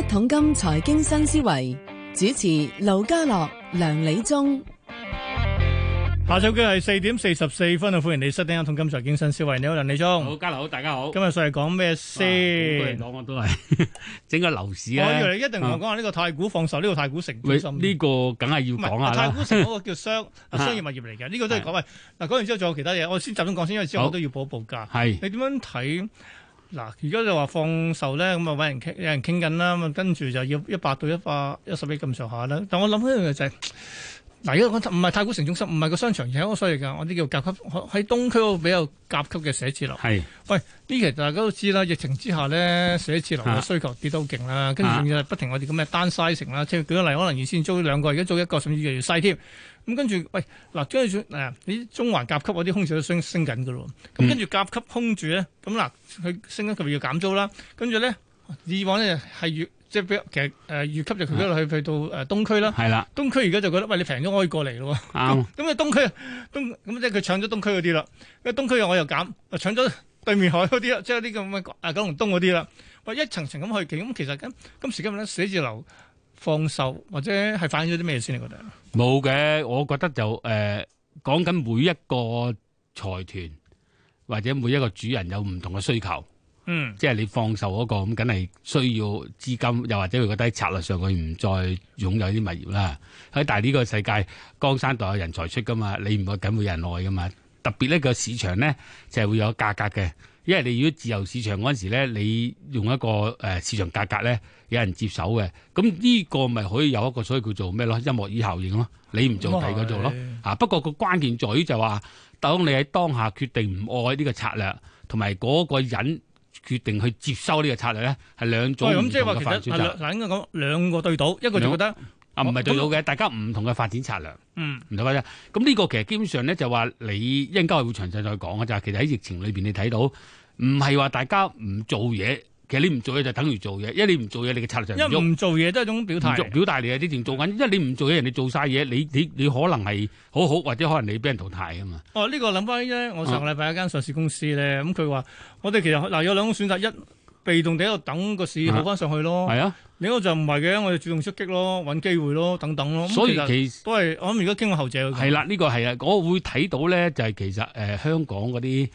一桶金財經新思維，主持劉家樂、梁理中，下晝機係四點四十四分啊！歡迎你收聽一桶金財經新思維。你好，梁理中，好，家樂好，大家好。今日再係講咩先？我嚟講我都係整個樓市啊！我以為你一定唔講，話呢個太古放售，呢個太古城。喂，呢個梗係要講下啦。太古城嗰個叫商商業物業嚟嘅，呢個都係講喂嗱。講完之後仲有其他嘢，我先集中講先，因為之後我都要補一報價。係你點樣睇？嗱，而家就話放售咧，咁啊揾人傾，有人傾緊啦，咁啊跟住就要一百到一百一十億咁上下啦。但我諗起一樣嘢就係、是。嗱，依家唔係太古城中心，唔係個商場，而係一個所以㗎。我啲叫甲級，喺東區嗰個比較甲級嘅寫字樓。係是，喂，呢期大家都知啦，疫情之下咧，寫字樓嘅需求跌到勁啦，的跟住不停我哋咁嘅 down sizing 啦，即係舉個例，可能原先租兩個，而家租一個，甚至越嚟越細添。咁跟住，喂，嗱，將來誒，啲中環甲級嗰啲空置都升升緊㗎咯。咁、嗯、跟住甲級空住咧，咁嗱，佢升緊佢咪要減租啦？跟住咧，以往咧係越即係俾其實誒越級就佢一路去去到誒東區啦，係啦，東區而家就覺得餵你平咗可以過嚟咯，咁啊東區東咁即係佢搶咗東區嗰啲啦，因為東區我又減，啊搶咗對面海嗰啲啦，即係啲咁嘅啊九龍東嗰啲啦。喂，一層層咁去嘅。咁其實今今時今日咧寫字樓放售，或者係反映咗啲咩先？你覺得？冇嘅，我覺得就誒、呃、講緊每一個財團或者每一個主人有唔同嘅需求。嗯，即係你放售嗰、那個咁，梗係需要資金，又或者佢覺得喺策略上佢唔再擁有啲物業啦。喺但係呢個世界江山代有人才出噶嘛，你唔會梗會有人愛噶嘛。特別呢個市場咧就係、是、會有價格嘅，因為你要自由市場嗰時咧，你用一個誒、呃、市場價格咧有人接手嘅，咁呢個咪可以有一個所以叫做咩咯，音樂椅效應咯，你唔做，第個做咯吓。的不過個關鍵在於就話當你喺當下決定唔愛呢個策略，同埋嗰個人，決定去接收呢個策略咧，係兩種唔同嘅發展選擇嗱，哦、應該講兩個對賭，一個就覺得啊，唔係 No, 我對賭嘅，我大家唔同嘅發展策略。嗯，唔同嘅。咁呢個其實基本上咧，就話你應該會,會詳細再講嘅、就是、其實喺疫情裏面你，你睇到唔係話大家唔做嘢。其實你唔做嘢就等於做嘢，因為你唔做嘢，你嘅策略就一種。一唔做嘢都係一種表態。表達嚟嘅呢件做緊，因為你唔做嘢，人哋做晒嘢，你你你可能係好好，或者可能你俾人淘汰啊嘛。哦，呢、這個諗翻咧，我上個禮拜一間上市公司咧，咁佢話：我哋其實嗱有兩種選擇，一，被動地喺度等個市好翻上去咯。係、嗯、啊，另一個就唔係嘅，我哋主動出擊咯，揾機會咯，等等咯。所以其實都係，我諗如果傾個後者。係啦、啊，呢、這個係啊，我會睇到咧，就係、是、其實誒、呃、香港嗰啲。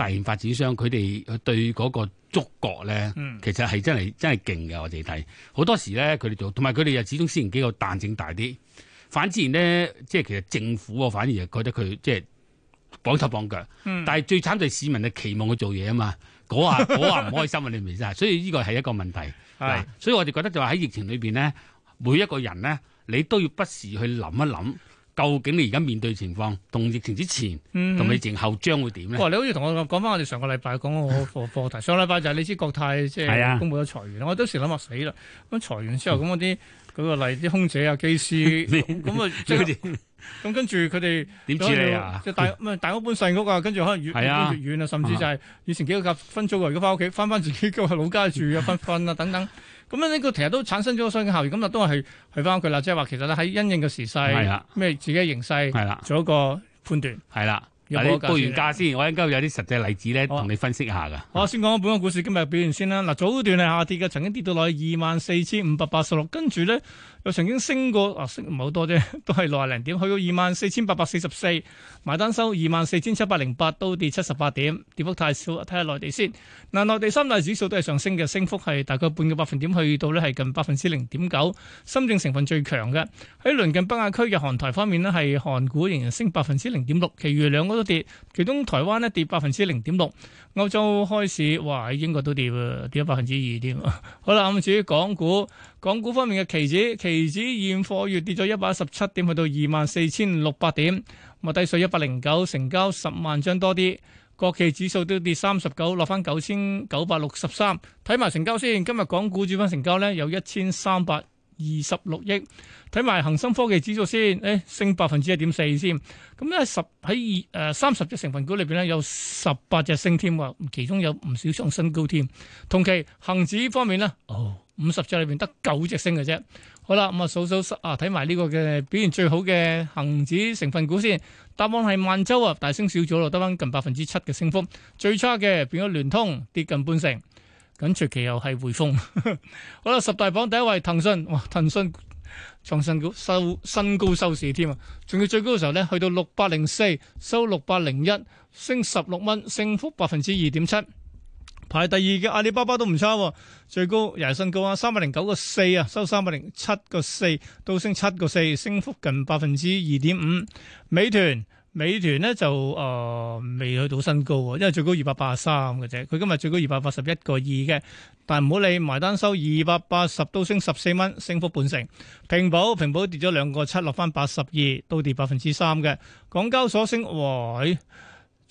大型發展商佢哋對嗰個觸覺咧，嗯、其實係真係真係勁嘅。我哋睇好多時咧，佢哋做，同埋佢哋又始終私人機構彈性大啲，反之然咧，即係其實政府反而係覺得佢即係綁手綁腳。嗯、但係最慘就係市民嘅期望佢做嘢啊嘛，嗰下下唔開心啊！你明唔明啊？所以呢個係一個問題。係是，所以我哋覺得就話喺疫情裏邊咧，每一個人咧，你都要不時去諗一諗。究竟你而家面對情況，同疫情之前同疫情後將會點咧？嗯、哼你好似同我講翻我哋上個禮拜講嗰個課題， 上個禮拜就係你知道國泰即係公布咗裁員，是啊、我當時諗啊，死啦！咁裁員之後咁嗰啲。那那舉個例，啲空姐啊、機師咁啊，即係佢哋咁跟住佢哋點知咧？即係大咩大屋搬細屋啊，跟住可能越搬越遠啊，甚至就係以前幾個分租啊，如果翻屋企翻翻自己個老家住啊，分分啊等等，咁樣呢個其實都產生咗相應效應。咁啊都係係翻佢啦，即係話其實咧喺因應嘅時勢咩自己嘅形勢，做一個判斷，係啦。嗱，有有報完價先，我應該有啲實際例子咧，同你分析一下噶。我、哦、先講下本港股市今日表現先啦。嗱，早段係下跌嘅，曾經跌到落去二萬四千五百八十六，跟住咧。又曾經升過，啊升唔係好多啫，都係六啊零點，去到二萬四千八百四十四，埋單收二萬四千七百零八，都跌七十八點，跌幅太少。睇下內地先，嗱、啊、內地三大指數都係上升嘅，升幅係大概半個百分點，去到呢係近百分之零點九。深證成分最強嘅，喺鄰近北亞區嘅韓台方面呢，係韓股仍然升百分之零點六，其餘兩個都跌，其中台灣呢跌百分之零點六。歐洲開市，哇喺英國都跌跌咗百分之二添。好啦，咁至於港股。港股方面嘅期指，期指現貨月跌咗一百一十七點，去到二萬四千六百點，啊低水一百零九，成交十萬張多啲。國企指數都跌三十九，落翻九千九百六十三。睇埋成交先，今日港股主板成交咧有一千三百二十六億。睇埋恒生科技指數先，誒、哎、升百分之一點四先。咁咧十喺二誒三十隻成分股裏邊咧有十八隻升添啊，其中有唔少上新高添。同期恒指方面呢。哦。Oh. 五十隻裏邊得九隻升嘅啫，好啦，咁啊數數十啊睇埋呢個嘅表現最好嘅恒指成分股先，答案係萬洲啊，大升少咗咯，得翻近百分之七嘅升幅，最差嘅變咗聯通跌近半成，緊隨其後係匯豐。好啦，十大榜第一位騰訊，哇，騰訊創新股收新高收市添啊，仲要最高嘅時候咧，去到六百零四收六百零一，升十六蚊，升幅百分之二點七。排第二嘅阿里巴巴都唔差，哦，最高又係新高啊！三百零九個四啊，收三百零七個四，都升七個四，升幅近百分之二點五。美團，美團咧就未去、呃、到新高喎，因為最高二百八十三嘅啫，佢今日最高二百八十一個二嘅，但唔好理埋單收二百八十，都升十四蚊，升幅半成。平保，平保跌咗兩個七，落翻八十二，都跌百分之三嘅。港交所升喎。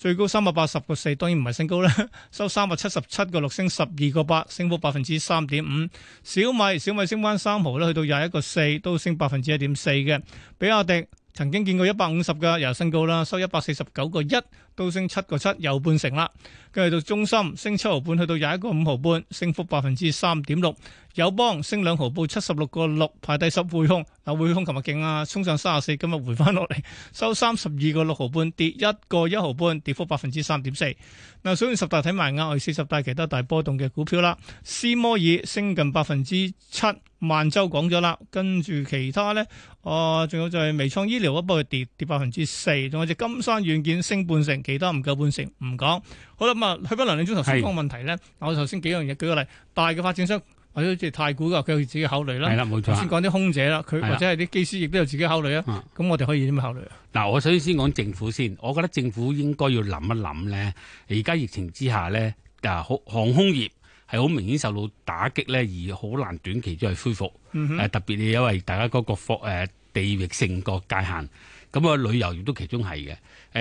最高三百八十個四，當然唔係升高啦，收三百七十七個六，升十二個八，升幅百分之三點五。小米，小米升翻三毫啦，去到廿一個四，都升百分之一點四嘅。比亞迪曾經見過一百五十嘅又升高啦，收一百四十九個一。都升七個七，有半成啦。跟住到中芯升七毫半，去到廿一個五毫半，升幅百分之三點六。友邦升兩毫半，報七十六個六，排第十。匯豐啊，匯豐琴日勁啊，衝上三十四，今日回翻落嚟，收三十二個六毫半，跌一個一毫半，跌幅百分之三點四。嗱，所以十大睇埋啊，額外四十大其他大波動嘅股票啦。斯摩爾升近百分之七，萬洲講咗啦，跟住其他咧啊，仲有就係微創醫療嗰波跌跌百分之四，仲有隻金山軟件升半成。幾多唔夠半成，唔講。好啦，咁啊，去翻梁理中頭先講問題咧。是我頭先幾樣嘢，舉個例，大嘅發展商或者即係太古嘅，佢有自己考慮啦。係冇錯。先講啲空姐啦，佢或者係啲機師，亦都有自己考慮啦。咁我哋可以點樣考慮啊？嗱，我首先講政府先。我覺得政府應該要諗一諗咧。而家疫情之下咧，航航空業係好明顯受到打擊咧，而好難短期再恢復。嗯、哼特別係因為大家嗰個誒地域性個界限。咁啊，旅遊業都其中係嘅，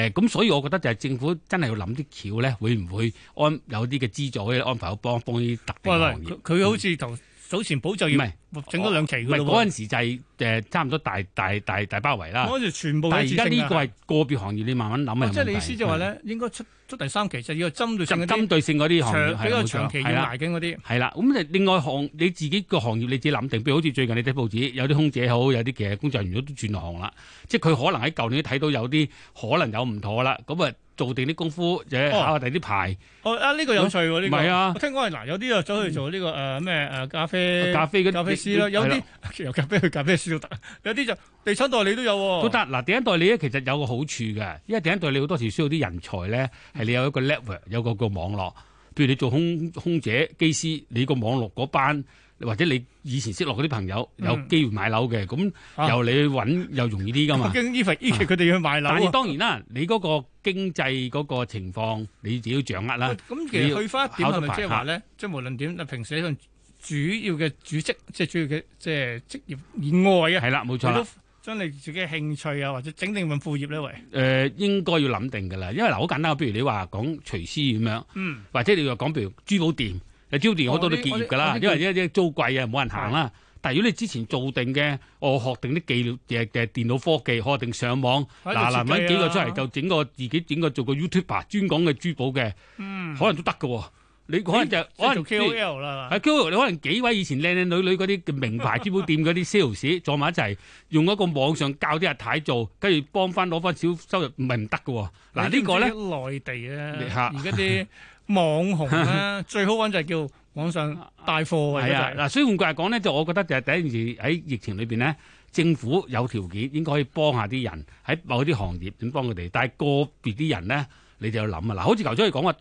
誒，咁所以我覺得就係政府真係要諗啲橋咧，會唔會安有啲嘅資助可以，安排去幫幫幫啲特別行業。佢好似同早前補助，唔係。整多兩期佢咯，嗰陣時就係誒差唔多大大大大包圍啦。我嗰時全部但係而家呢個係個別行業，你慢慢諗啊。即係你意思就話咧，應該出出第三期就要針對長嗰性嗰啲行業，係冇錯。長比較長期要捱緊嗰啲。係啦，咁另外行你自己個行業你自己諗定，譬如好似最近你睇報紙，有啲空姐好，有啲嘅工作人員都轉行啦。即係佢可能喺舊年睇到有啲可能有唔妥啦，咁啊做定啲功夫，或者考下第啲牌。啊！呢個有趣喎，呢個。係啊。我聽講係嗱，有啲啊走去做呢個誒咩誒咖啡。咖啡嗰啲。是啦，有啲由嫁俾佢嫁俾，都得有啲就地產代理都有。都得嗱，地產代理咧，其實有個好處嘅，因為地產代理好多時需要啲人才咧，係你有一個 level，有個個網絡。譬如你做空空姐、機師，你個網絡嗰班或者你以前識落嗰啲朋友有機會買樓嘅，咁由你去揾又容易啲噶嘛。even even 佢哋要去買樓、啊啊。但係當然啦，你嗰個經濟嗰個情況，你自己掌握啦。咁其實去翻一點係咪即係話咧？啊、即係無論點，那平時。主要嘅主職即係主要嘅即係職業以外啊，係啦，冇錯。將你自己嘅興趣啊，或者整定份副業咧，喂。誒，應該要諗定㗎啦，因為嗱，好簡單譬如你話講廚師咁樣，嗯、或者你話講譬如珠寶店，珠寶店好多都結業噶、哦哦、啦，因為租貴啊，冇人行啦。但係如果你之前做定嘅，我學定啲技嘅嘅、啊、電腦科技，學定上網，嗱嗱揾幾個出嚟，就整個自己整個做個 YouTube 專講嘅珠寶嘅，嗯、可能都得㗎喎。你可能就可能做 KOL 啦，喺 KOL 你可能幾位以前靚靚女女嗰啲名牌珠寶 店嗰啲 sales 坐埋一齊，用一個網上教啲人睇做，跟住幫翻攞翻少收入，唔係唔得嘅喎。嗱、啊、呢個咧，內地咧，而家啲網紅咧， 最好揾就係叫網上帶貨、 就是、啊。係啊，嗱，所以換句話講咧，就我覺得就係第一件事喺疫情裏邊咧，政府有條件應該可以幫下啲人喺某啲行業點幫佢哋，但係個別啲人咧你就要諗啊。嗱，好似頭先你講話。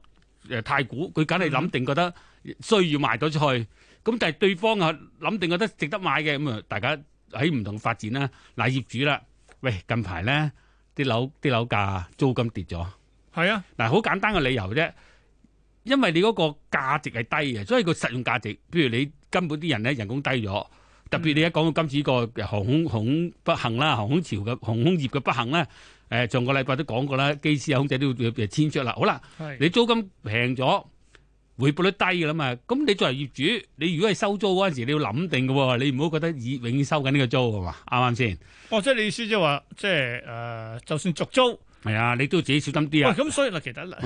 誒，太古，佢梗係諗定覺得需要賣咗出去，咁但係對方啊諗定覺得值得買嘅，咁啊大家喺唔同發展啦。嗱、啊，業主啦，喂，近排咧啲樓啲樓價租金跌咗，係啊，嗱、啊，好簡單嘅理由啫，因為你嗰個價值係低嘅，所以個實用價值，譬如你根本啲人咧人工低咗。特別你一講到今次個航空航空不幸啦，航空潮嘅航空業嘅不幸咧，誒、呃，上個禮拜都講過啦，機師、空姐都要遷出啦。好啦，是你租金平咗，回報率低㗎啦嘛，咁你作為業主，你如果係收租嗰陣時，你要諗定㗎，你唔好覺得以永遠收緊呢個租㗎嘛，啱啱先？哦，即係你意思即係話，即係誒、呃，就算續租，係啊、哎，你都要自己小心啲啊。咁、哦哦、所以其實成日、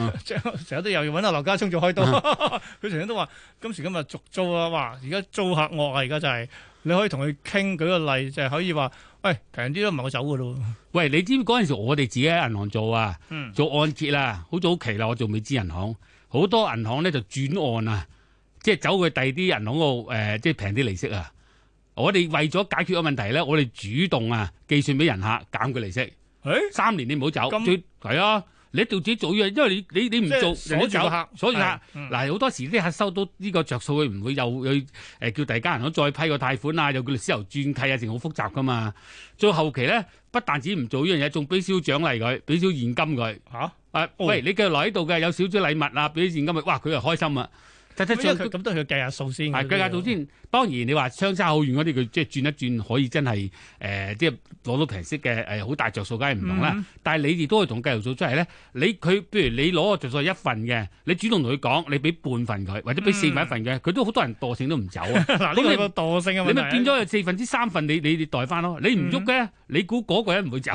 嗯、 都要搵阿劉家聰做開刀，佢成日都話今時今日續租啊，哇，而家租客惡啊，而家就係、是。你可以同佢傾，舉個例就係、可以話，喂，平啲都唔係我走噶咯。喂，你知唔知嗰陣時我哋自己喺銀行做啊，嗯、做按揭啦，好早期啦，我做美資銀行，好多銀行咧就轉案啊，即係走去第二啲銀行度、呃、即係平啲利息啊。我哋為咗解決個問題咧，我哋主動啊計算俾人客減佢利息。誒、欸，三年你唔好走，咁係啊。你一定要自己做依樣，因為你你你唔做鎖住客，所以嗱，好、嗯、多時啲客收到呢個着數，佢唔會又去誒叫第家人去再批個貸款啦，又叫你私有轉契啊，成好複雜噶嘛。到後期咧，不但止唔做呢樣嘢，仲俾少獎勵佢，俾少現金佢。嚇、啊！啊，喂，你繼續留喺度嘅，有少少禮物啊，俾啲現金佢，哇，佢又開心啊！咁都要計下數先。係計下數先。當然你話相差好遠嗰啲，佢即係轉一轉可以真係誒、呃，即係攞到平息嘅誒，好、呃、大着數，梗係唔同啦。但係你哋都係同計數出嚟咧。你佢譬如你攞個著數一份嘅，你主動同佢講，你俾半份佢，或者俾四份一份嘅，佢、嗯、都好多人惰性都唔走啊。咁 你個惰性嘅問題，你咪變咗四分之三份，你你你代翻咯。你唔喐嘅，嗯、你估嗰個人唔會走，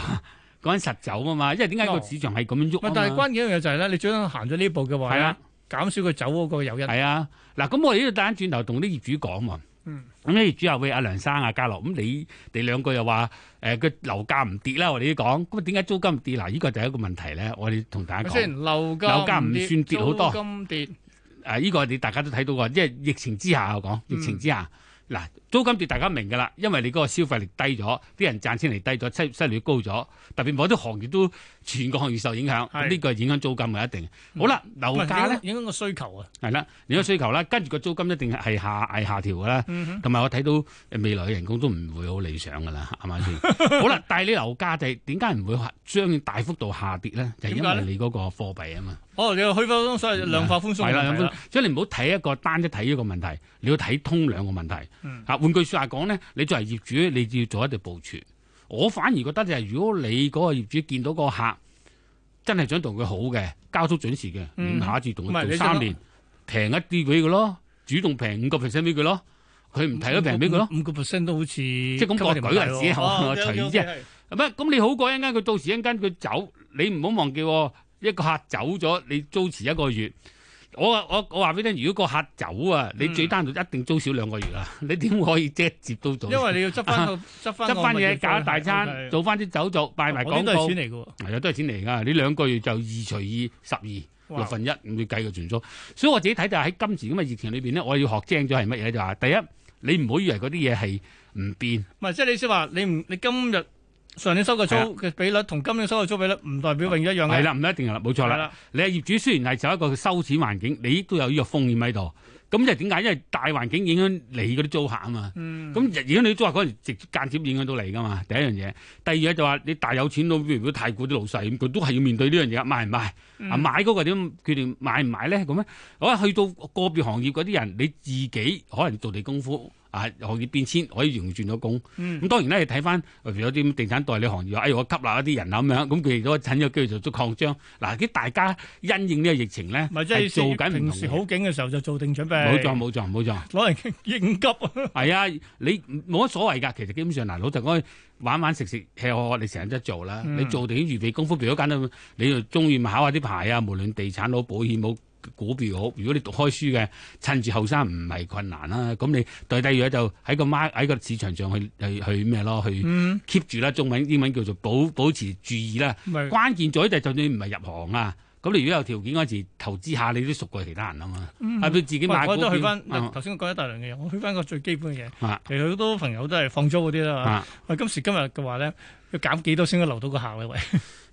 嗰陣實走啊嘛。因為點解個市場係咁樣喐、哦？但係關鍵一樣嘢就係、是、咧，你最緊要行咗呢步嘅話。係啦、啊。減少佢走嗰、那個誘因，係啊嗱，咁我都要打翻轉頭同啲業主講嘛。嗯，咁啲業主又會阿梁生啊、家樂，咁你哋兩個又話誒個樓價唔跌啦，我哋要講，咁點解租金跌？嗱、啊，呢個就係一個問題咧。我哋同大家講，樓價唔算跌好多，租金跌。誒，依個你大家都睇到㗎，即係疫情之下我講，疫情之下嗱，嗯、租金跌大家明㗎啦，因為你嗰個消費力低咗，啲人賺錢嚟低咗，失失業率高咗，特別某啲行業都。全國行業受影響，呢個是影響租金咪一定。好啦，是樓價咧影響個需求啊，係啦，影響需求啦，跟住個租金一定係下係下調㗎啦。同埋、嗯、哼我睇到未來嘅人工都唔會好理想㗎啦，係咪先？吧 好啦，但係你樓價就係點解唔會下將大幅度下跌咧？就係、因為你嗰個貨幣啊嘛。哦，你去所謂，量化寬鬆問題。係啦，所以你唔好睇一個單一睇一個問題，你要睇通兩個問題。啊、嗯，換句說話講咧，你作為業主，你要做一啲部署。我反而覺得就係，如果你嗰個業主見到個客真係想同佢好嘅、交租準時嘅，咁、嗯、下一次同佢做三年平一啲俾佢咯，主動平五個 percent 俾佢咯，佢唔提都平俾佢咯，五個 percent 都好似即係咁個，舉例子，啊、隨意啫。係咪，咁你好過一間，佢到時一間佢走，你唔好忘記喎，一個客走咗，你租遲一個月。我我我話俾你聽，如果個客走啊，你最低就一定租少兩個月啊。嗯、你點可以即接都做？因為你要執翻個執翻嘢搞大餐，OK，做翻啲酒做，擺埋廣告，都係錢嚟㗎，係啊，都係錢嚟㗎。你兩個月就二除二十二哇六分一咁計個全租。所以我自己睇就喺今時咁嘅疫情裏邊咧，我要學精咗係乜嘢就話，第一你唔好以為嗰啲嘢係唔變。唔係即係你先話你唔你今日。上年收嘅租嘅比率同今年收嘅租嘅比率唔代表永遠一樣嘅，係啦，唔一定啦，冇錯啦。係啦。你係業主，雖然係就一個收錢環境，你都有呢個風險喺度。咁即係點解？因為大環境影響你嗰啲租客啊嘛。咁、嗯、影響你啲租客嗰陣，直接間接影響到你噶嘛。第一樣嘢，第二嘢就話你大有錢到如果太古啲老細，佢都係要面對這買唔買呢樣嘢，賣唔賣？啊買嗰個點佢哋買唔買咧？咁啊，去到個別行業嗰啲人，你自己可能做你功夫。啊，行業變遷可以融轉咗工，咁、嗯、當然咧，你睇翻例如有啲地產代理行業，哎呦，我吸納了一啲人啊，咁樣，咁佢如果趁咗機會做擴張，嗱，大家因應呢個疫情咧，是做緊平時好景嘅時候就做定準備，冇錯冇錯冇錯，攞嚟應急啊，係啊， 你冇乜所謂㗎，其實基本上嗱，老實講，玩玩食食吃喝，喝，你成日都做啦，你做定先預備功夫，譬如好簡到，你就中意考下啲牌啊，無論地產佬、保險佬。股票好，如果你讀開書嘅，趁住後生唔係困難啦。咁你第第二就喺個孖喺個市場上去去去咩咯？去 keep 住啦，中文英文叫做保保持注意啦。的關鍵在就就算唔係入行啊，咁你如果有條件嗰陣時候投資下，你都熟過其他人啊嘛。係咪、嗯啊、自己買？我都去翻。頭先、啊、我講一大量嘅嘢，我去翻個最基本嘅嘢。其實好多朋友都係放租嗰啲啦。喂的，今時今日嘅話咧，要減幾多先可以留到個客位？喂！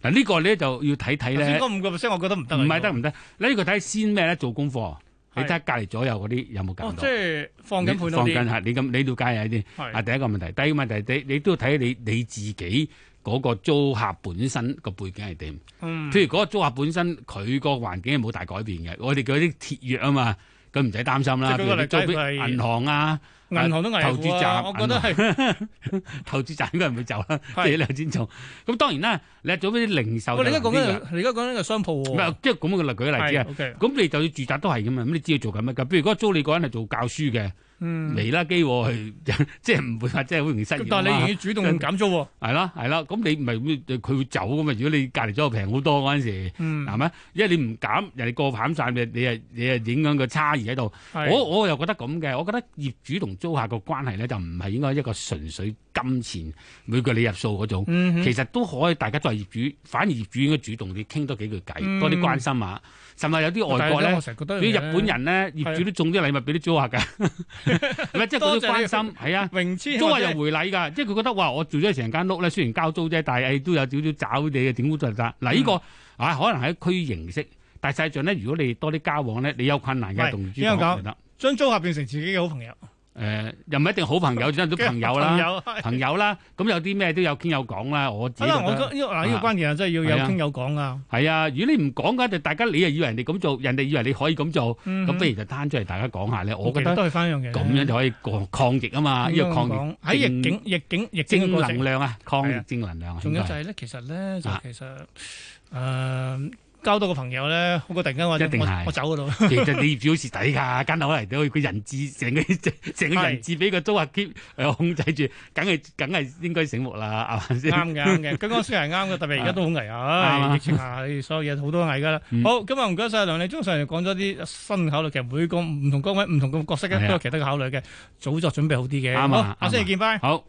嗱呢個你就要睇睇咧，先五個 percent，我覺得唔得。唔係得唔得？呢個睇先咩咧？做功課，是你睇下隔離左右嗰啲有冇減到？即係放緊盤多放緊嚇的，你咁你都介意啲。的啊，第一個問題，第二個問題，你你都要睇你你自己嗰個租客本身個背景係點？嗯。譬如嗰個租客本身佢個環境係冇大改變嘅，我哋叫啲鐵約啊嘛。佢唔使擔心啦，你租畀銀行啊，銀行都危乎啊，我覺得係行。 投資站應該唔會走啦，啊，兩做 的。咁當然啦，你做啲零售嗰行你而家講緊個商鋪喎，啊。唔係，即係咁嘅例舉例子啊。咁，okay，你就要住宅都係咁嘛。咁你知佢做緊乜㗎？譬如嗰租你個人係做教書嘅。嗯，微拉機，即係唔會話，即係好容易失業。但你願意主動減租、啊？係啦，係啦，咁你唔係佢會走噶嘛？如果你隔籬租平好多嗰陣時，係咪、嗯？因為你唔減，人哋過慘晒，你你啊影響個差異喺度。的我我又覺得咁嘅，我覺得業主同租客個關係咧，就唔係應該一個純粹金錢每個你入數嗰種，嗯、哼其實都可以，大家作為業主，反而業主應該主動你傾多幾句偈，多啲關心下。甚至有啲外國咧，啲日本人咧，業主都送啲禮物俾啲租客嘅。的 唔係，即係佢都關心係啊，租客又回禮噶，即係佢覺得哇，我做咗成間屋咧，雖然交租啫，但係都有少少找你嘅點污糟嗱？呢個、嗯、啊，可能係區形式，但係實際上咧，如果你多啲交往咧，你有困難嘅同租客，覺得將租客變成自己嘅好朋友。誒，又唔一定好朋友，真係都朋友啦，朋友啦。咁有啲咩都有傾有講啦。我係啦，我覺得呢個關鍵啊，真係要有傾有講啊。係啊，如果你唔講嘅，就大家你又以為人哋咁做，人哋以為你可以咁做，咁不如就攤出嚟大家講下咧。我覺得都係翻一樣嘢。咁樣就可以抗抗疫啊嘛，呢個抗疫喺逆境、逆境、逆正能量啊，抗疫正能量。啊。仲有就係咧，其實咧就其實誒。交到個朋友咧，好過突然間我我走嗰度，其實你表示抵噶，間樓嚟到佢人質，成個成個人質俾個租客 keep 控制住，梗係梗係應該醒目啦，係嘛先？啱嘅，啱嘅，剛剛先係啱嘅，特別而家都好危啊！疫情下，所有嘢好多危噶。好，今日唔該晒梁理中，上嚟講咗啲新考慮，其實每個唔同崗位、唔同嘅角色咧，都有其他嘅考慮嘅，早作準備好啲嘅。好，下星期見，拜好。